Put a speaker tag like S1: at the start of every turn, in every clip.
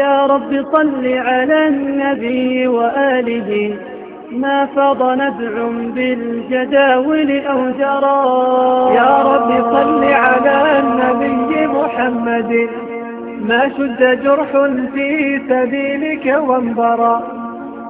S1: يا رب صل على النبي وآله ما فاض نبع بالجداول أو جرى يا رب صل على النبي محمد ما شد جرح في سبيلك وانبرى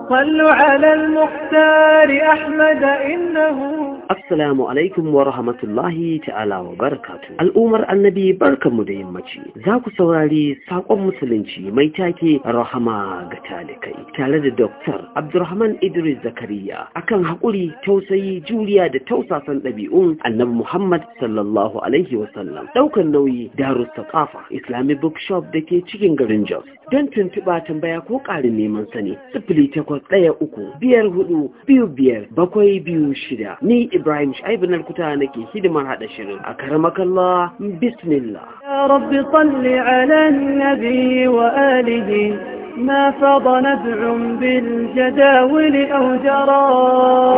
S1: صلوا على المختار أحمد إنه
S2: Assalamu alaikum wa rahmatullahi ta'ala wa barakatu. Al'umar annabi barkanmu da yammaci. Za ku saurari saƙon musulunci mai take rahama ga talikai tare da Dr. Abdulrahman Idris Zakariya akan haƙuri, tausayi, juriya da tausasan ɗabi'un annabi Muhammad sallallahu alaihi wa sallam. Ɗaukar nauyi Darus Saqafa Islamic Bookshop da ke cikin garin Jos. Don tuntuɓa tambaya ko ƙarin neman sani sifili takwas ɗaya uku biyar hudu biyu biyar bakwai biyu shida. Ni Ibrahim Shaibu Nalkuta nake hidimar هذا shirin a karamakallah bismillah.
S1: Ya rabbi رب ala nabi wa alihi ما فض نبع بالجداول أو جرى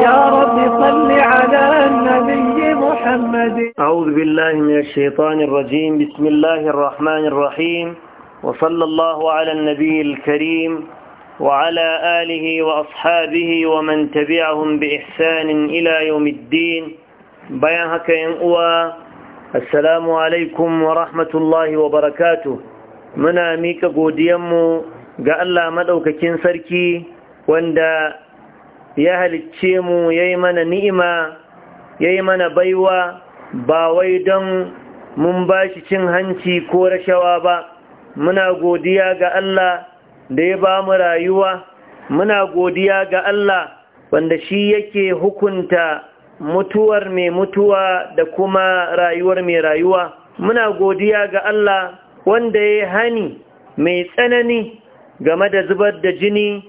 S1: يا رب صل على النبي محمد أعوذ بالله من الشيطان الرجيم بسم الله الرحمن الرحيم وصلى الله على النبي الكريم وعلى آله وأصحابه ومن تبعهم بإحسان إلى يوم الدين بيان هكا ينقوى السلام عليكم ورحمة الله وبركاته منا ميكا قوديمو قال الله مدوك كنسركي واندا يهل التشيمو ييمن نئما ييمن بيوة باويدا mun bashi cin منا ko rashawa ba muna godiya ga Allah da ya ba mu rayuwa muna godiya ga Allah wanda shi yake hukunta mutuwar mai mutuwa da kuma rayuwar mai rayuwa muna godiya ga Allah wanda ya hani mai tsanani game da zubar da jini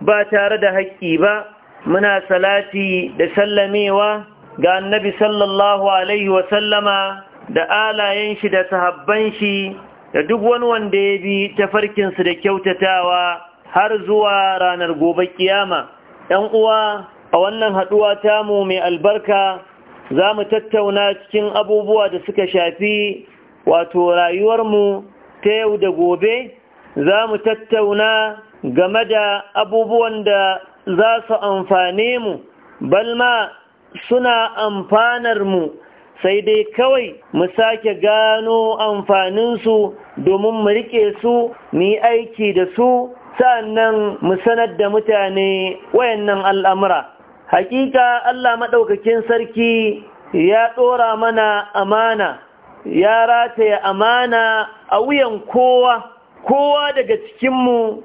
S1: ba tare da haƙƙi ba muna salati da sallamewa ga annabi sallallahu alaihi wasallama da alayen shi da sahabban shi da duk wani wanda ya bi tafarkinsu da kyautatawa har zuwa ranar gobe kiyama ‘yan uwa a wannan haɗuwa tamu mai albarka za mu tattauna cikin abubuwa da suka shafi wato rayuwarmu ta yau da gobe za mu tattauna game da abubuwan da za su amfane mu balma suna amfanar mu sai dai kawai mu sake gano amfaninsu domin mu rike su mu yi aiki da su nan mu sanar da mutane wayannan al'amura hakika Allah maɗaukakin sarki ya ɗora mana amana ya rataya amana a wuyan kowa kowa daga cikinmu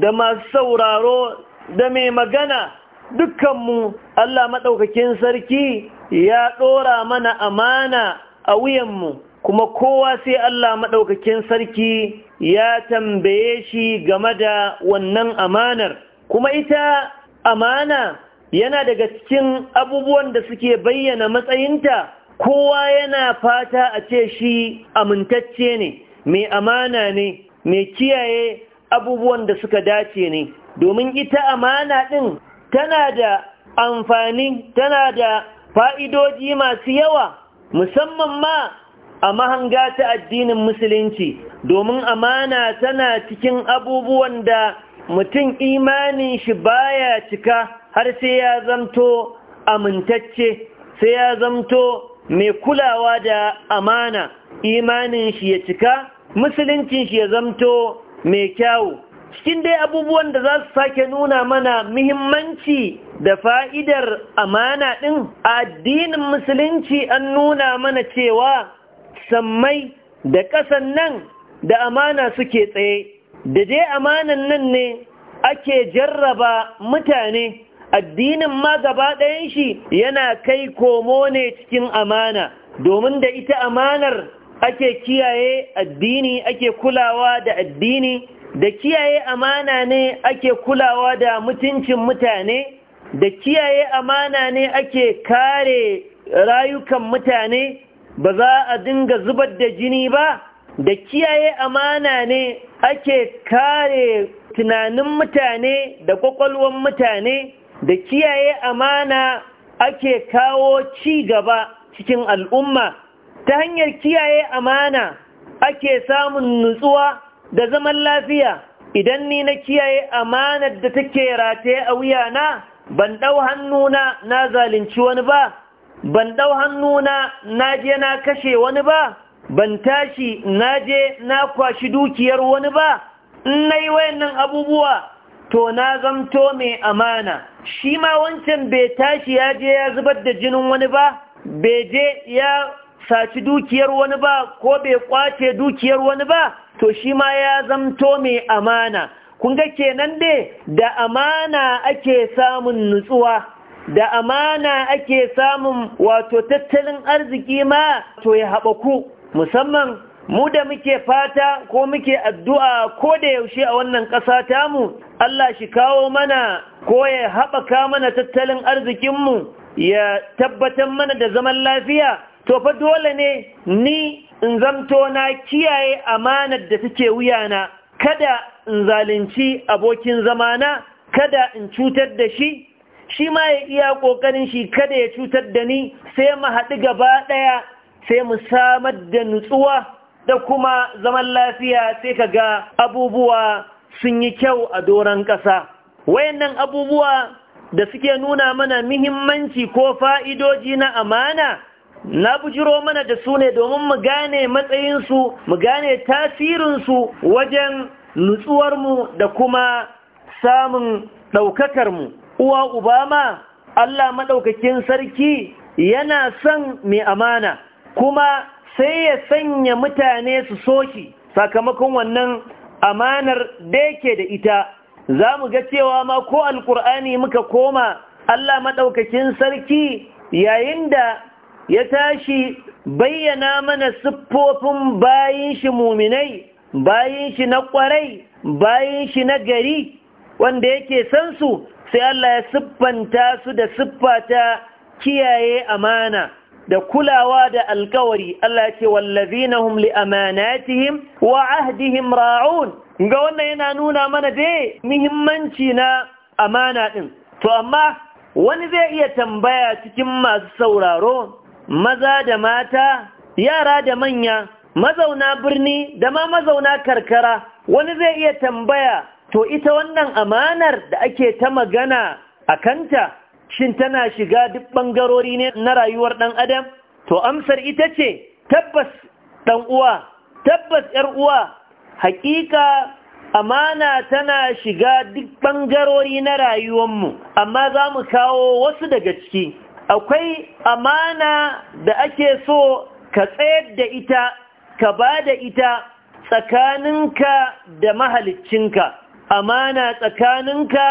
S1: da masu sauraro da mai magana dukkanmu Allah maɗaukakin sarki ya ɗora mana amana a wuyanmu kuma kowa sai Allah maɗaukakin sarki ya tambaye shi game da wannan amanar kuma ita amana yana daga cikin abubuwan da suke bayyana matsayinta kowa yana fata a ce shi amintacce ne mai amana ne mai kiyaye abubuwan da suka dace ne domin ita amana ɗin tana da amfani tana da fa'idoji masu yawa musamman ma a mahanga ta addinin musulunci domin amana tana cikin abubuwan da mutum imanin shi baya cika har sai ya zamto amintacce sai ya zamto mai kulawa da amana imanin shi ya cika musuluncin shi ya zamto mai kyawu cikin dai abubuwan da za su sake nuna mana muhimmanci da fa'idar amana ɗin addinin musulunci an nuna mana cewa sammai da ƙasan nan da amana suke tsaye da dai amanan nan ne ake jarraba mutane addinin ma gaba ɗayan shi yana kai komo ne cikin amana domin da ita amanar ake kiyaye addini ake kulawa da addini da kiyaye amana ne ake kulawa da mutuncin mutane da kiyaye amana ne ake kare rayukan mutane ba za a dinga zubar da jini ba da kiyaye amana ne ake kare tunanin mutane da kwakwalwan mutane da kiyaye amana ake kawo ci gaba cikin al'umma ta hanyar kiyaye amana ake samun nutsuwa da zaman lafiya idan ni na kiyaye amanar da take rataye a wuyana ban ɗau hannuna na zalunci wani ba ban ɗau hannuna na je na kashe wani ba ban tashi na je na kwashi dukiyar wani ba in na yi wayannan abubuwa to na zamto mai amana shi ma wancan bai tashi ya je ya zubar da jinin wani ba bai je ya saci dukiyar wani ba ko bai kwace dukiyar wani ba to shi ma ya zamto mai amana kun ga kenan dai da amana ake samun nutsuwa da amana ake samun wato tattalin arziki ma to ya haɓaku musamman mu da muke fata ko muke addu'a ko da yaushe a wannan ƙasa mu. Allah shi kawo mana ko ya haɓaka mana tattalin arzikinmu ya tabbatar mana da zaman lafiya to fa dole ne ni in zamto na kiyaye amanar da take wuyana kada in zalunci abokin zamana kada in cutar da shi shi ma ya iya ƙoƙarin shi kada ya cutar da ni sai mu haɗu gaba ɗaya sai mu samar da nutsuwa da kuma zaman lafiya sai ka ga abubuwa sun yi kyau a doron ƙasa wayannan abubuwa da suke nuna mana muhimmanci ko fa'idoji na amana na bujiro mana da su ne domin mu gane matsayinsu mu gane tasirinsu wajen nutsuwarmu da kuma samun ɗaukakarmu uwa Obama Allah maɗaukakin sarki yana son mai amana kuma sai ya sanya mutane su soki sakamakon wannan amanar da yake da ita za mu ga cewa ma ko alkur'ani muka koma Allah maɗaukakin sarki yayin da ya tashi bayyana mana siffofin bayin shi muminai bayin shi na ƙwarai bayin shi na gari wanda yake san su sai Allah ya siffanta su da siffata kiyaye amana da kulawa da alkawari Allah ya ce wallazina hum li amanatihim wa ahdihim ra'un ga wannan yana nuna mana da muhimmanci na amana din to amma wani zai iya tambaya cikin masu sauraro maza da mata yara da manya mazauna birni da ma mazauna karkara wani zai iya tambaya to ita wannan amanar da ake ta magana a kanta shin tana shiga duk ɓangarori ne na rayuwar ɗan adam to amsar ita ce tabbas ɗan uwa tabbas ‘yar uwa hakika amana tana shiga duk ɓangarori na rayuwarmu amma za mu kawo wasu daga ciki akwai amana da ake so ka tsayar da ita ka ba da ita tsakaninka da mahaliccinka amana tsakaninka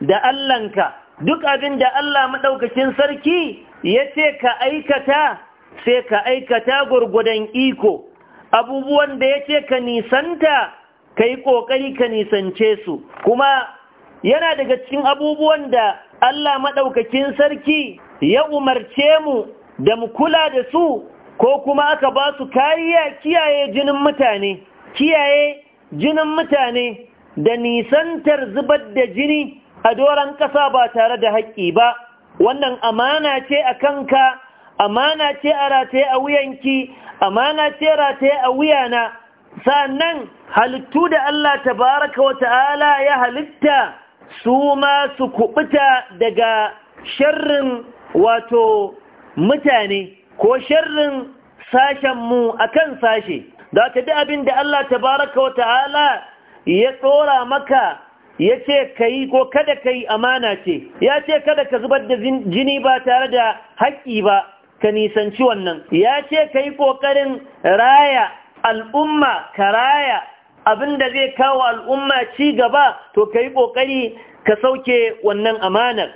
S1: da Allahnka duk abin da Allah maɗaukacin sarki ya ce ka aikata sai ka aikata gurgudan iko abubuwan da ya ce ka nisanta ka yi ƙoƙari ka nisance su kuma yana daga cikin abubuwan da Allah maɗaukakin sarki ya umarce mu da mu kula da su ko kuma aka ba su kariya kiyaye jinin mutane kiyaye jinin mutane da nisantar zubar da jini a doron ƙasa ba tare da haƙƙi ba wannan amana ce a kanka amana ce a rataye a wuyanki amana ce rataye a wuyana sannan halittu da Allah tabaraka wa ta'ala ya halitta su ma su kuɓuta daga sharrin wato mutane ko sharrin sashenmu a kan sashe da ka abin da Allah tabaraka wa ta'ala ya tsora maka ya ce ka yi ko kada ka yi amana ce ya ce kada ka zubar da jini ba tare da haƙƙi ba ka nisanci wannan ya ce ka yi ƙoƙarin raya al'umma ka raya abin da zai kawo al'umma ci gaba to ka yi ƙoƙari ka sauke wannan amanar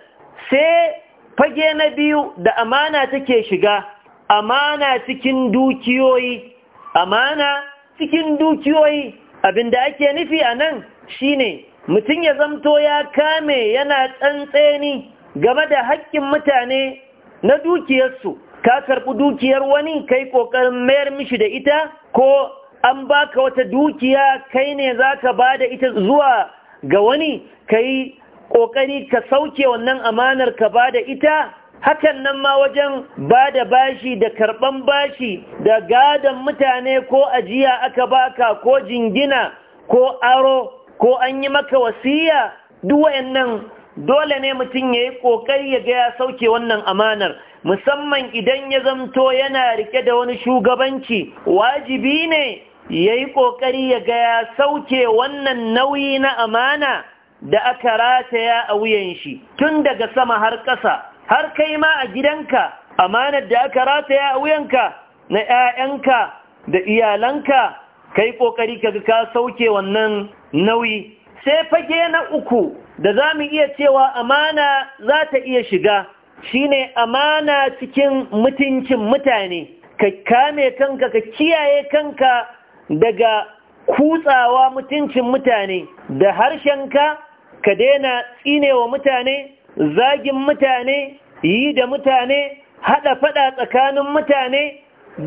S1: sai fage na biyu da amana take shiga amana cikin dukiyoyi amana cikin dukiyoyi abin da ake nufi a nan ne, mutum ya zamto ya kame yana tsantseni game da haƙƙin mutane na dukiyarsu ka karɓi dukiyar wani kai ƙoƙarin mayar mishi da ita ko an baka wata dukiya kai ne za ka ba da ita zuwa ga wani ka yi ƙoƙari ka sauke wannan amanar ka ba da ita hakan nan ma wajen ba da bashi da karɓan bashi da gadon mutane ko ajiya aka baka ko jingina ko aro ko an yi maka wasiya duk nan, dole ne mutum ya yi ƙoƙari ya gaya sauke wannan amanar musamman idan ya zamto yana rike da wani shugabanci wajibi ne ya yi ƙoƙari ya gaya sauke wannan nauyi na amana da aka rataya a wuyan shi tun daga sama har ƙasa har kai ma a gidanka amanar da aka rataya a wuyanka na 'ya'yanka da iyalanka kai ƙoƙari kaga ka sauke wannan nauyi sai fage na uku da za mu iya cewa amana za ta iya shiga shine amana cikin mutuncin mutane ka kame kanka ka kiyaye kanka daga kutsawa mutuncin mutane da harshenka ka daina tsinewa mutane zagin mutane yi da mutane haɗa faɗa tsakanin mutane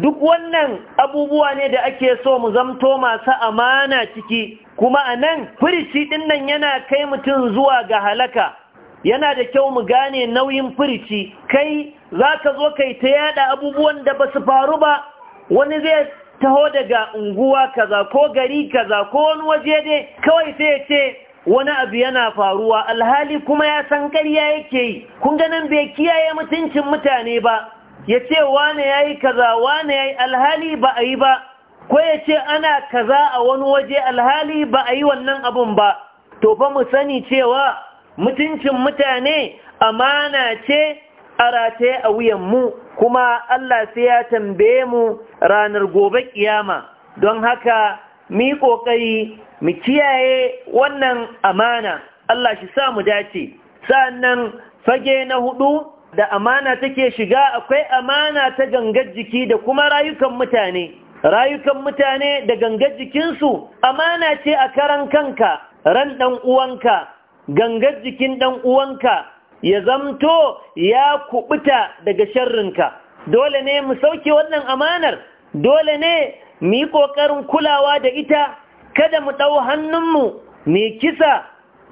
S1: duk wannan abubuwa ne da ake so mu zamto masu amana ciki kuma a nan firici ɗin nan yana kai mutum zuwa ga halaka yana da kyau mu gane nauyin firici kai za ka zo kai ta yada abubuwan da ba su faru ba wani zai taho daga unguwa kaza ko gari kaza ko wani waje dai kawai sai ya ce wani abu yana faruwa alhali kuma ya san karya yake yi kun ganin bai kiyaye mutuncin mutane ba ya ce wane ya yi kaza wane ya yi alhali ba a yi ba ko ya ce ana kaza a wani waje alhali ba a yi wannan abun ba to fa mu sani cewa mutuncin mutane amana ce a rataye a wuyan mu? kuma Allah sai ya tambaye mu ranar gobe kiyama don haka mi ƙoƙari mu kiyaye wannan amana Allah shi sa mu dace sannan fage na hudu da amana take shiga akwai amana ta gangar jiki da kuma rayukan mutane rayukan mutane da gangar jikinsu amana ce a karan kanka ran ɗan uwanka gangar jikin ɗan uwanka ya zamto ya kubuta daga sharrinka dole ne mu sauke wannan amanar dole ne mu yi ƙoƙarin kulawa da ita kada mu ɗau hannunmu mai kisa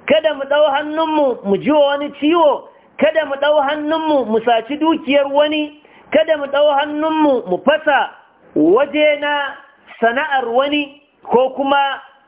S1: kada mu ɗau hannunmu mu ji wani ciwo kada mu ɗau hannunmu mu saci dukiyar wani kada mu ɗau hannunmu mu fasa waje na sana'ar wani ko kuma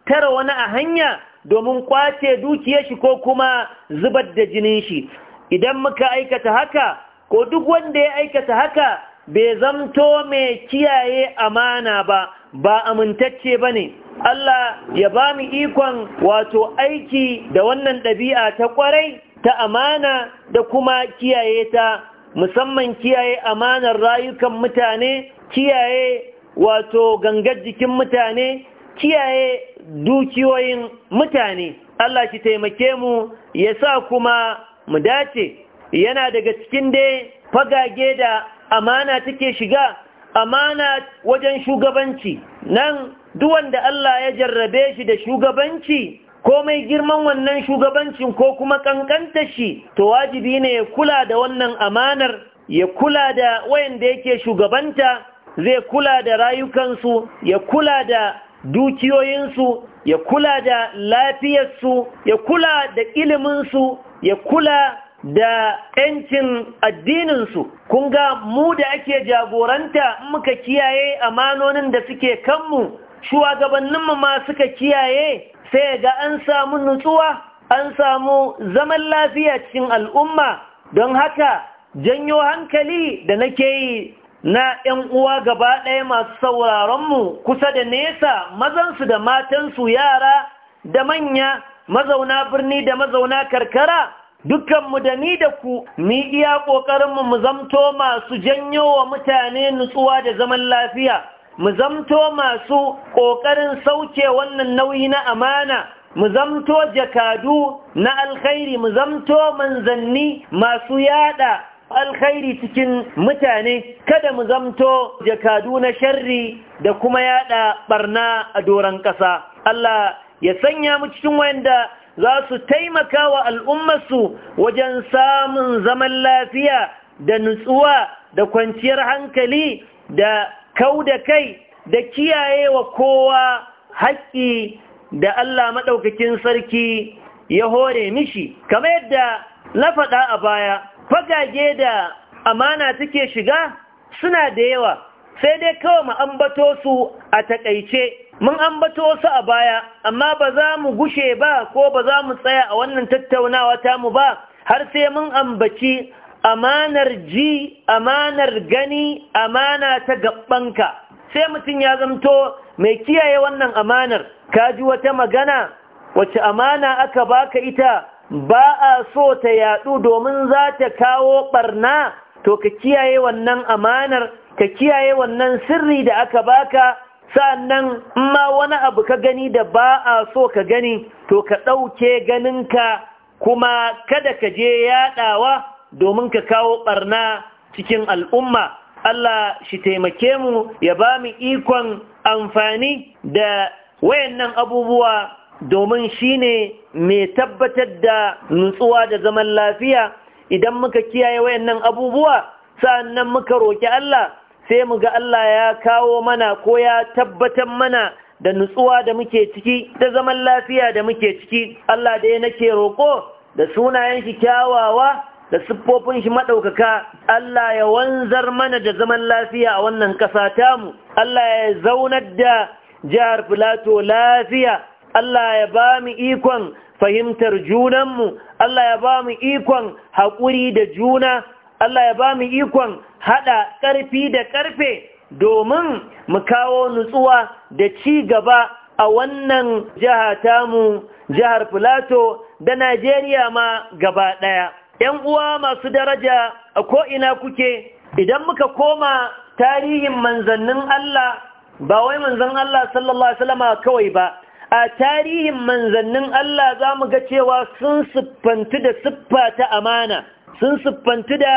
S1: tara wani a hanya domin kwace dukiyar shi ko kuma zubar da jinin shi idan muka aikata haka ko duk wanda ya aikata haka bai zamto mai kiyaye amana ba ba amintacce ba ne Allah ya ba mu ikon wato aiki da wannan ɗabi'a ta ƙwarai ta amana da kuma kiyaye ta musamman kiyaye amanar rayukan mutane kiyaye wato gangar jikin mutane kiyaye dukiyoyin mutane Allah ki taimake mu ya sa kuma mu dace yana daga cikin dai fagage da amana take shiga amana wajen shugabanci nan duk wanda Allah ya jarrabe shi da shugabanci komai girman wannan shugabancin ko kuma kankanta shi to wajibi ne ya kula da wannan amanar ya kula da wayanda yake shugabanta zai kula da rayukansu ya kula da dukiyoyinsu ya kula da lafiyarsu ya kula da iliminsu ya kula da ‘yancin addininsu, kun ga mu da ake jagoranta muka kiyaye amanonin da suke kanmu, shugabanninmu ma suka kiyaye sai ga an samu nutsuwa, an samu zaman lafiya cikin al'umma, don haka janyo hankali da nake yi na ‘yan uwa gaba ɗaya masu sauraronmu kusa da nesa mazansu da matansu yara da manya mazauna birni da mazauna karkara. dukanmu da ni da ku ni iya ƙoƙarinmu mu zamto masu janyo wa mutane nutsuwa da zaman lafiya mu zamto masu ƙoƙarin sauke wannan nauyi na amana mu zamto jakadu na alkhairi mu zamto manzanni masu yada alkhairi cikin mutane kada mu zamto jakadu na sharri da kuma yada barna a doron ƙasa Allah ya sanya mu cikin wayanda. za su taimaka wa al'ummarsu wajen samun zaman lafiya da nutsuwa da kwanciyar hankali da kau da kai da kiyaye wa kowa haƙƙi da Allah maɗaukakin sarki ya hore mishi kamar yadda na faɗa a baya fagage da amana take shiga suna da yawa sai dai kawai ma'ambato su a taƙaice mun ambato su a baya amma ba za mu gushe ba ko ba za mu tsaya a wannan tattaunawa ta mu ba har sai mun ambaci amanar ji amanar gani amana ta gabbanka sai mutum ya zamto mai kiyaye wannan amanar ka ji wata magana wacce amana aka baka ita ba a so ta yadu domin za ta kawo barna to ka kiyaye wannan amanar ka kiyaye wannan sirri da aka baka sa'annan ma wani abu ka gani da ba a so ka gani to ka ɗauke ganinka kuma kada ka je yaɗawa domin ka kawo ɓarna cikin al'umma Allah shi taimake mu ya ba mu ikon amfani da wayannan abubuwa domin shi ne mai tabbatar da nutsuwa da zaman lafiya idan muka kiyaye wayannan abubuwa sa'annan muka roƙi Allah sai mu ga Allah ya kawo mana ko ya tabbatar mana da nutsuwa da muke ciki da zaman lafiya da muke ciki Allah da ya nake roƙo da sunayen shi kyawawa da siffofin shi maɗaukaka Allah ya wanzar mana da zaman lafiya a wannan ƙasa tamu Allah ya zaunar da jihar Filato lafiya Allah ya ba mu ikon fahimtar junanmu Allah ya ba mu ikon haƙuri da juna Allah ya ba mu ikon haɗa ƙarfi da ƙarfe domin mu kawo nutsuwa da ci gaba a wannan jiha mu, jihar Filato da Najeriya ma gaba ɗaya. ‘Yan uwa masu daraja a ko'ina kuke, idan muka koma tarihin manzannin Allah, ba wai manzan Allah sallallahu Alaihi kawai ba, a tarihin manzannin Allah za mu ga cewa sun siffantu da siffa ta amana. sun siffantu da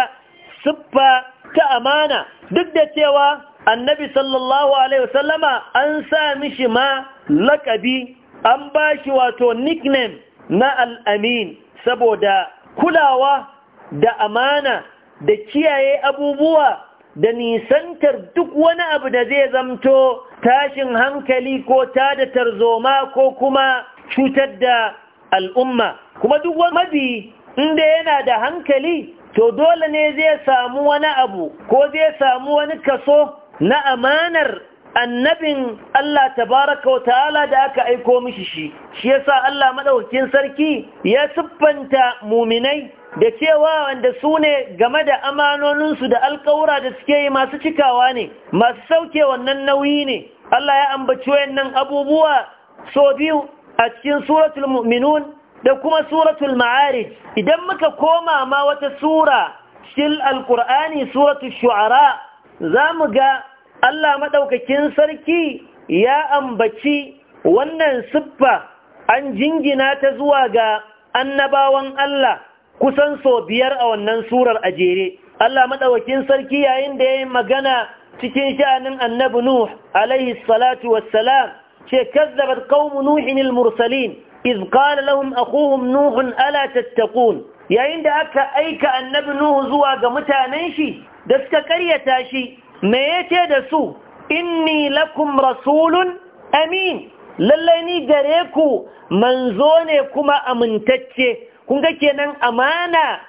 S1: siffa ta amana duk da cewa annabi sallallahu alaihi wasallama an sa mishi ma lakabi an ba shi wato nickname na al'amin saboda kulawa da amana da kiyaye abubuwa da nisantar duk wani abu da zai zamto tashin hankali ko tada tarzoma ko kuma cutar da al'umma kuma duk wani mabi inda yana da hankali to dole ne zai samu wani abu ko zai samu wani kaso na amanar annabin Allah tabaraka wa ta'ala da aka aiko mishi shi shi yasa Allah madaukakin sarki ya siffanta muminai da cewa wanda su ne game da amanoninsu da alkawura da suke yi masu cikawa ne masu sauke wannan nauyi ne Allah ya ambaci wayannan abubuwa so biyu a cikin suratul mu'minun da kuma suratul ma'arij idan muka koma ma wata sura shil alkur'ani suratul shu'ara zamu ga Allah maɗaukakin sarki ya ambaci wannan siffa an jingina ta zuwa ga annabawan Allah kusan so biyar a wannan surar a jere Allah maɗaukakin sarki yayin da yi magana cikin sha'anin annabi Nuh alaihi salatu wassalam ce kazzabat qaumu nuhin al-mursalin iz qala lahum akuhum nuhun yayin da aka aika annabi nuhu zuwa ga mutanen shi da suka karyata shi me yace da su inni lakum rasulun amin lallai ni gare ku manzo ne kuma amintacce kun ga kenan amana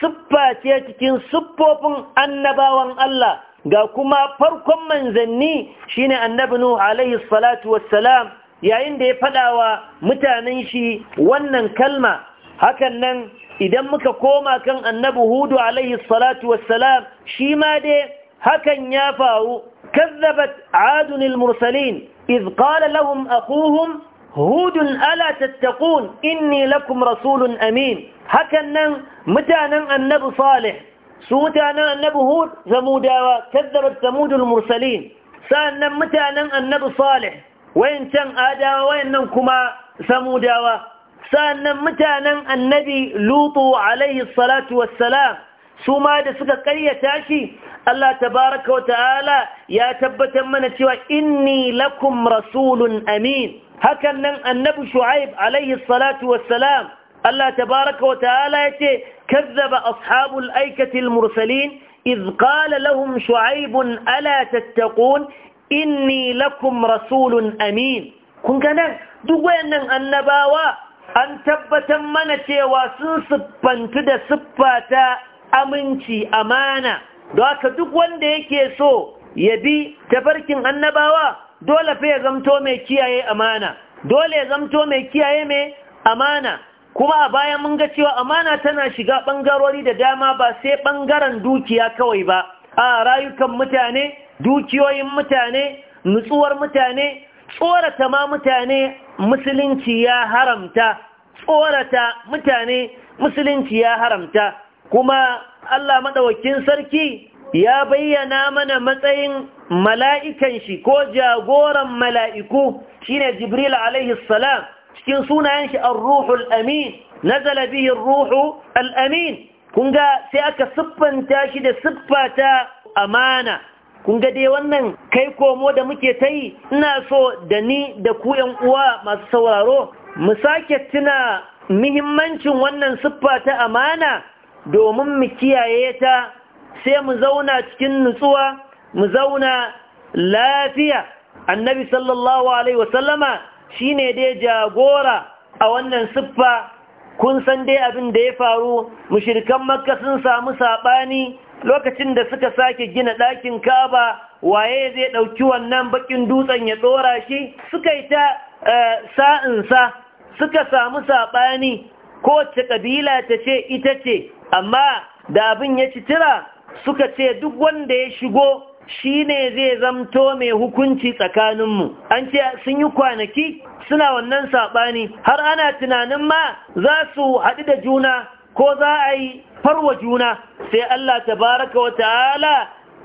S1: siffa cikin siffofin annabawan Allah ga kuma farkon manzanni shine annabi Nuhu alaihi salatu wassalam yayin da ya faɗawa mutanen shi wannan kalma hakan nan idan muka koma kan annabi hudu alaihi salatu wassalam shi ma dai hakan ya faru kazzabat adun mursalin. iz qala lahum akhuhum hudun ala tattaqun inni lakum rasulun amin hakan nan mutanen annabi salih su mutanen annabi hud zamudawa kazzabat thamud almursalin sa'annan mutanen annabi salih wayancan adawa wayannan kuma samudawa sa'annan mutanen annabi lutu alaihi salatu wassalam su ma da suka karyata shi Allah tabaraka wata'ala ya tabbatar mana cewa inni lakum rasulun amin hakan nan annabi shu'aib alaihi salatu wassalam Allah tabaraka wata'ala yace kazzaba ashabul aikati mursalin إذ قال لهم شعيب ألا تتقون inni lakum rasulun amin kun duk wayannan annabawa an tabbatar mana cewa sun siffantu da siffata aminci amana don haka duk wanda yake so ya bi tafarkin annabawa dole fa ya zamto mai kiyaye amana dole ya zamto mai kiyaye mai amana kuma a baya mun ga cewa amana tana shiga bangarori da dama ba sai bangaren dukiya kawai ba a rayukan mutane dukiyoyin mutane nutsuwar mutane tsorata ma mutane musulunci ya haramta tsorata mutane musulunci ya haramta kuma Allah maɗaukin sarki ya bayyana mana matsayin mala'ikan shi ko jagoran mala'iku ne Jibril alaihi salam cikin sunayen shi an ruhul amin na zalabihin ruhu al'amin. Kunga sai aka siffanta shi da siffata amana kun ga dai wannan kai komo da muke ta yi ina so da ni da ku yan uwa masu sauraro mu sake tuna muhimmancin wannan siffa ta amana domin mu kiyaye ta sai mu zauna cikin nutsuwa mu zauna lafiya annabi sallallahu alaihi wasallama shine dai jagora a wannan siffa kun san dai abin da ya faru mushrikan makka sun samu sabani lokacin da suka sake gina ɗakin kaba waye zai ɗauki wannan bakin dutsen ya ɗora shi suka yi ta eh, sa'insa suka samu saɓani kowace ƙabila ta ce ita ce amma da abin ya ci tira suka ce duk wanda ya shigo shi ne zai zamto mai hukunci tsakaninmu an ce sun yi kwanaki suna wannan saɓani har ana tunanin ma za su haɗu da juna ko za a yi farwa juna sai Allah tabaraka wa ta'ala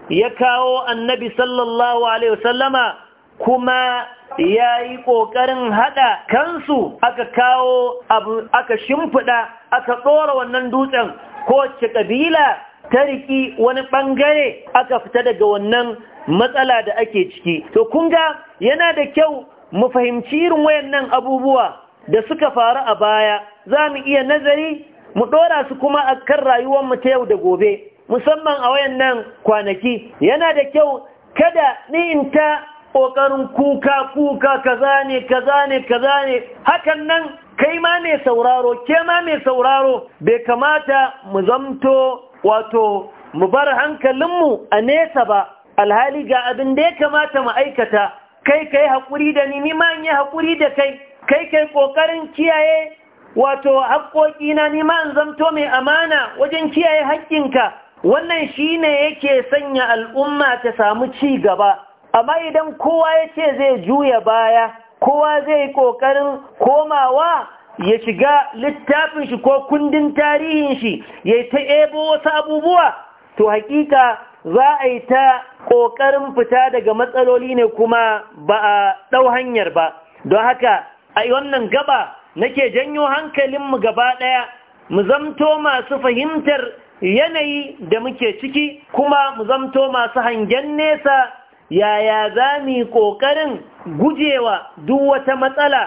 S1: ya kawo annabi sallallahu alaihi wasallama kuma ya yi ƙoƙarin haɗa kansu aka kawo abu aka shimfiɗa aka ɗora wannan dutsen kowace ƙabila ta riƙi wani ɓangare aka fita daga wannan matsala da ake ciki to kunga yana da kyau mu fahimci irin wayannan abubuwa da suka faru a baya za mu iya nazari mu ɗora su kuma a kan rayuwar mu ta yau da gobe musamman a wayan nan kwanaki yana da kyau kada ni in ta ƙoƙarin kuka kuka kaza ne kaza ne kaza ne hakan nan kai ma mai sauraro ke ma mai sauraro bai kamata mu zamto wato mu bar hankalinmu a nesa ba alhali ga abin da ya kamata mu aikata kai kai haƙuri da ni ni ma yi haƙuri da kai kai kai ƙoƙarin kiyaye wato haƙoƙina ni ma in zamto mai amana wajen kiyaye haƙƙinka wannan shine yake sanya al'umma ta samu ci gaba amma idan kowa ya ce zai juya baya kowa zai ƙoƙarin komawa ya shiga littafin shi ko kundin tarihin shi ya ta ebo wasu abubuwa to hakika za a yi ta ƙoƙarin fita daga matsaloli ne kuma ba a ɗau hanyar ba don haka a wannan gaba nake janyo hankalinmu gaba ɗaya mu zamto masu fahimtar yanayi da muke ciki kuma mu zamto masu hangen nesa yaya za mu yi ƙoƙarin gujewa duk wata matsala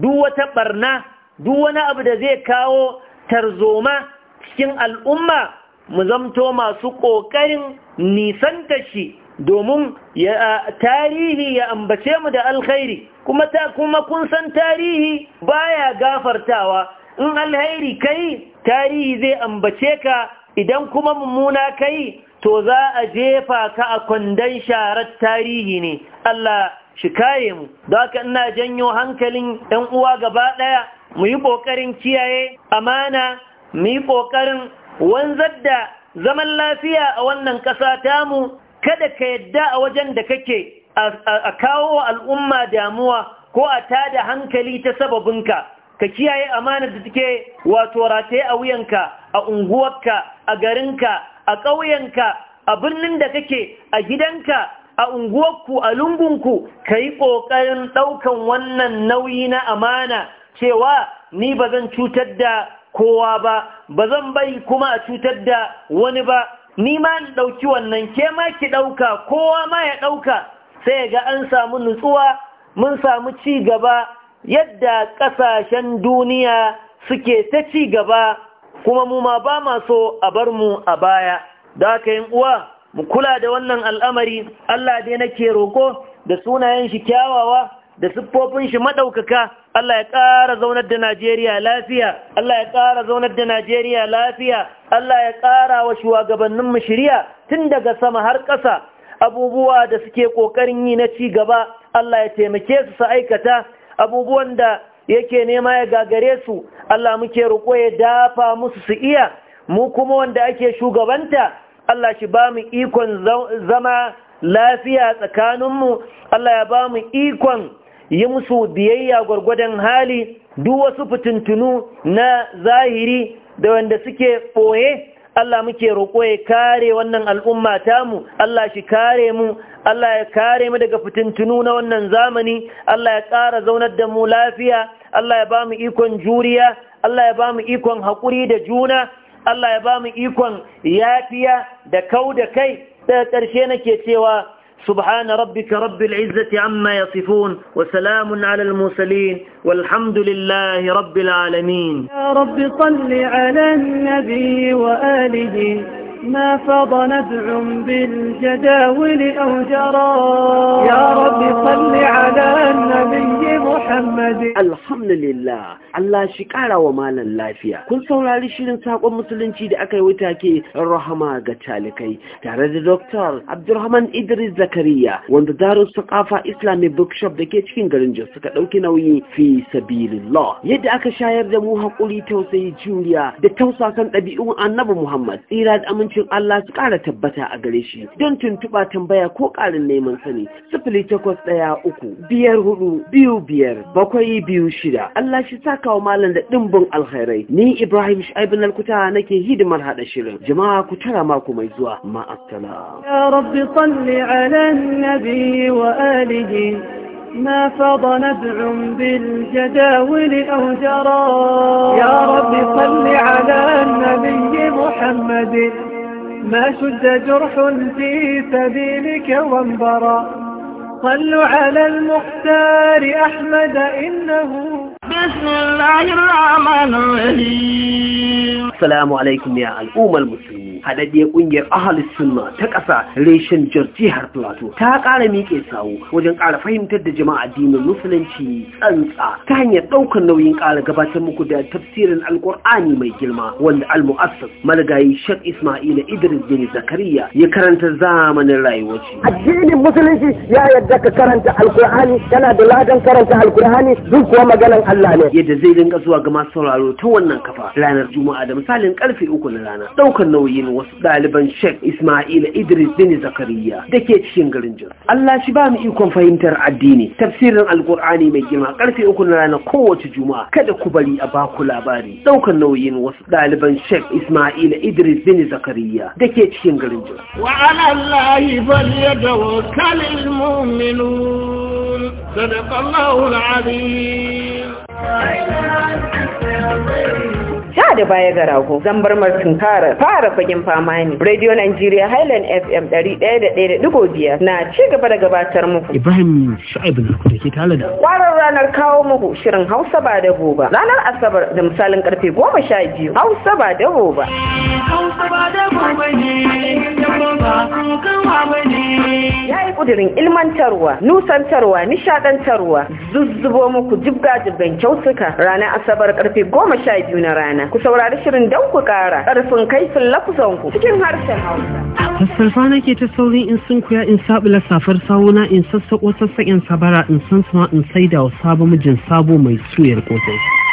S1: duk wata ɓarna duk wani abu da zai kawo tarzoma cikin al'umma mu zamto masu ƙoƙarin nisanta shi domin tarihi ya ambace mu da alkhairi kuma ta kuma kun san tarihi baya gafartawa in alkhairi kai tarihi zai ambace ka idan kuma mummuna kai to za a jefa ka a kwandon sharar tarihi ne Allah shi kare mu don haka ina janyo hankalin ɗan uwa gaba ɗaya mu yi ƙoƙarin kiyaye amana mu yi ƙoƙarin wanzar da zaman lafiya a wannan ƙasa tamu kada ka yadda a wajen da kake a kawo al'umma damuwa ko a tada hankali ta sababinka ka kiyaye amanar da take wato rataye a wuyanka a unguwarka a garinka a ƙauyenka a birnin da kake a gidanka a unguwarku a lungunku ka yi ƙoƙarin ɗaukan wannan nauyi na amana cewa ni ba zan cutar da kowa ba ba zan bai kuma a cutar da wani ba ni ma in ɗauki wannan ke ma ki ɗauka kowa ma ya ɗauka sai ga an samu nutsuwa mun samu ci gaba yadda ƙasashen duniya suke ta ci gaba kuma mu ma ba ma so a bar mu a baya da haka yin uwa mu kula da wannan al'amari Allah dai nake roko da sunayen shi kyawawa da siffofin shi maɗaukaka Allah ya ƙara zaunar da Najeriya lafiya, Allah ya ƙara zaunar da Najeriya lafiya, Allah ya ƙara wa shugabannin mu shirya tun daga sama har ƙasa abubuwa da suke ƙoƙarin yi na ci gaba, Allah ya taimake su su aikata abubuwan da yake nema ya gagare su, Allah muke roƙo ya dafa musu su iya, mu kuma wanda ake shugabanta, Allah shi ba mu ikon zama lafiya tsakaninmu, Allah ya ba mu ikon yi musu biyayya gwargwadon hali duk wasu fitintunu na zahiri da wanda suke ɓoye Allah muke roƙo ya kare wannan al'umma tamu, Allah shi kare mu, Allah ya kare mu daga fitintunu na wannan zamani, Allah ya ƙara zaunar da mu lafiya, Allah ya ba mu ikon juriya, Allah ya ba mu ikon haƙuri da juna, Allah ya ba mu ikon yafiya da kau da kai, daga ƙarshe nake cewa سبحان ربك رب العزة عما يصفون وسلام على المرسلين والحمد لله رب العالمين
S2: يا رب صل على النبي وآله ما فض نزع بالجداول أو جرى يا رب صل على النبي محمد الحمد لله Allah shi ƙara wa malam lafiya. Kun saurari shirin saƙon musulunci da aka yi wuta ke rahama ga talikai tare da Dr. Abdulrahman Idris Zakariya wanda Darus sakafa Islamic Bookshop da ke cikin garin Jos suka ɗauki nauyi fi sabilillah. Yadda aka shayar da mu haƙuri tausayi juriya da tausasan ɗabi'un Annabi Muhammad tsira da aminci hukuncin Allah su ƙara tabbata a gare shi don tuntuɓa tambaya ko ƙarin neman sani sifili takwas ɗaya uku biyar hudu biyu biyar bakwai biyu shida Allah shi saka wa malam da ɗimbin alkhairai ni Ibrahim Shaibin na nake hidimar haɗa shirin jama'a ku tara mako mai zuwa ma'asala. Ya Rabbi salli ala nabi wa alihi
S1: ما فض نبع بالجداول أو جرى يا رب صل على النبي محمد ما شد جرح في سبيلك وانبرى صلوا على المختار أحمد إنه بسم الله الرحمن
S2: الرحيم السلام عليكم يا الأمة المسلمين haɗaɗɗe ƙungiyar ahalus sunna ta ƙasa reshen jihar plateau ta ƙara miƙe sawu wajen ƙara fahimtar da jama'a addinin musulunci tsantsa ta hanyar ɗaukar nauyin ƙara gabatar muku da tafsirin alƙur'ani mai girma wanda almu'assas marigayi shek ismaila idris bin zakariya ya karanta zamanin rayuwar shi
S1: addinin musulunci ya yarda ka karanta alƙur'ani tana da ladan karanta alƙur'ani
S2: duk kuwa maganan allah Allah ne yadda zai dinga zuwa ga masu sauraro ta wannan kafa ranar Juma'a da misalin karfe uku na rana. Ɗaukar nauyin wasu ɗaliban Sheikh Ismail Idris din Zakariya da ke cikin garin Jos. Allah shi ba mu ikon fahimtar addini, tafsirin Alƙur'ani mai girma karfe uku na rana kowace Juma'a. Kada ku bari a baku labari. Ɗaukar nauyin wasu ɗaliban Sheikh Ismail Idris din Zakariya da ke cikin garin Jos.
S1: Wa alallahi falyatawakkalul mu'minun.
S2: صدق الله العظيم da baya ga rago zan bar martin fara fara fagen fama ne radio nigeria highland fm 101.5 na ci gaba da gabatar muku ibrahim shu'aib na kuma ke tala da kwarar ranar kawo muku shirin hausa ba da goba ranar asabar da misalin karfe goma sha biyu hausa ba da goba hausa ba da goba ne ya yi kudirin ilmantarwa nusantarwa nishadantarwa zuzzubo muku jibga jibgan kyautuka ranar asabar karfe goma sha biyu na rana saurari shirin don ku kara ƙarfin kaifin lafuzan ku cikin harshen Hausa. Sassalfa nake ta saurin in sun kuya in sabula safar sawuna in sassako sassaken sabara in san suma in saida wa sabon mijin sabo mai suyar ƙosai.